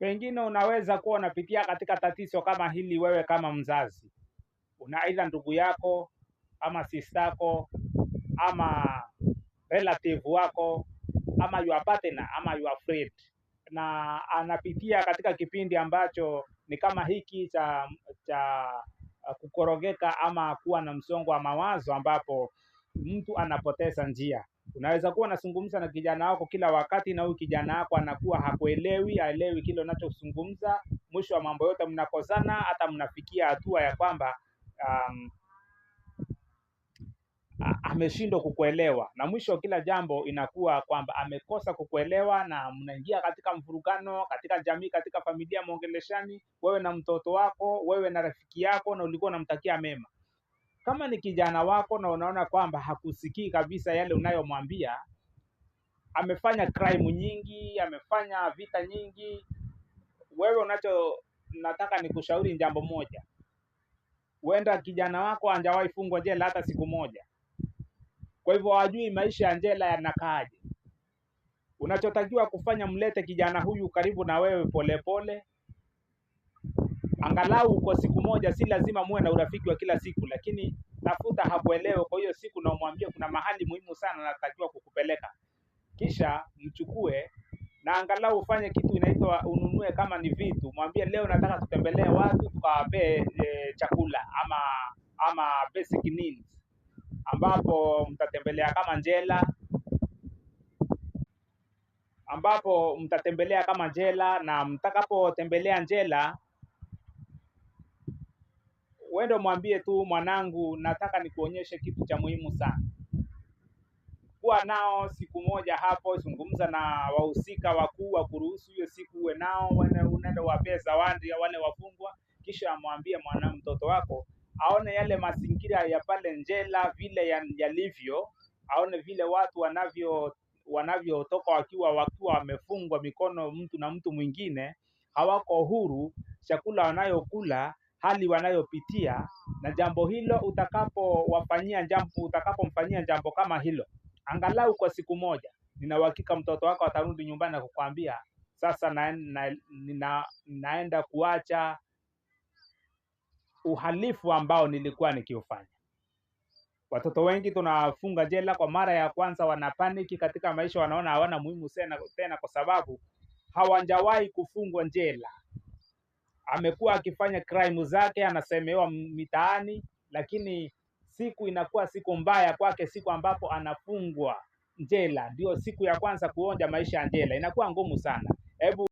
Pengine unaweza kuwa unapitia katika tatizo kama hili wewe kama mzazi, una aidha ndugu yako ama sistako ama relative wako ama your partner ama your friend, na anapitia katika kipindi ambacho ni kama hiki cha cha kukorogeka ama kuwa na msongo wa mawazo, ambapo mtu anapoteza njia. Unaweza kuwa unazungumza na kijana wako kila wakati, na huyu kijana wako anakuwa hakuelewi, haelewi kile unachozungumza. Mwisho wa mambo yote mnakosana, hata mnafikia hatua ya kwamba um, ameshindwa kukuelewa, na mwisho kila jambo inakuwa kwamba amekosa kukuelewa, na mnaingia katika mvurugano katika jamii, katika familia, mwongeleshani wewe na mtoto wako, wewe na rafiki yako, na ulikuwa unamtakia mema kama ni kijana wako na unaona kwamba hakusikii kabisa yale unayomwambia, amefanya crime nyingi, amefanya vita nyingi, wewe unacho nataka ni kushauri jambo moja. Huenda kijana wako hajawahi fungwa jela hata siku moja, kwa hivyo hajui maisha ya jela yanakaaje. Unachotakiwa kufanya, mlete kijana huyu karibu na wewe polepole pole angalau kwa siku moja, si lazima muwe na urafiki wa kila siku, lakini tafuta hakuelewe. Kwa hiyo siku umwambie kuna mahali muhimu sana natakiwa kukupeleka, kisha mchukue na angalau ufanye kitu inaitwa ununue, kama ni vitu, mwambie leo nataka tutembelee watu tukawape e, chakula ama ama basic needs, ambapo mtatembelea kama njela ambapo mtatembelea kama njela, na mtakapotembelea njela wende mwambie tu mwanangu, nataka nikuonyeshe kitu cha muhimu sana. Kuwa nao siku moja hapo, zungumza na wahusika wakuu wa kuruhusu hiyo siku uwe nao, unaenda wapee zawadi wale wafungwa, kisha amwambie mwana mtoto wako aone yale mazingira ya pale njela vile yalivyo, aone vile watu wanavyo wanavyotoka wakiwa wakiwa wamefungwa mikono mtu na mtu mwingine, hawako huru, chakula wanayokula hali wanayopitia, na jambo hilo utakapowafanyia jambo, utakapomfanyia jambo kama hilo angalau kwa siku moja, nina uhakika mtoto wako atarudi nyumbani na kukwambia sasa na, na, na, naenda kuacha uhalifu ambao nilikuwa nikiufanya. Watoto wengi tunafunga jela kwa mara ya kwanza, wanapaniki katika maisha, wanaona hawana muhimu tena, tena kwa sababu hawajawahi kufungwa jela amekuwa akifanya crime zake, anasemewa mitaani, lakini siku inakuwa siku mbaya kwake, siku ambapo anafungwa njela, ndio siku ya kwanza kuonja maisha ya njela, inakuwa ngumu sana. Hebu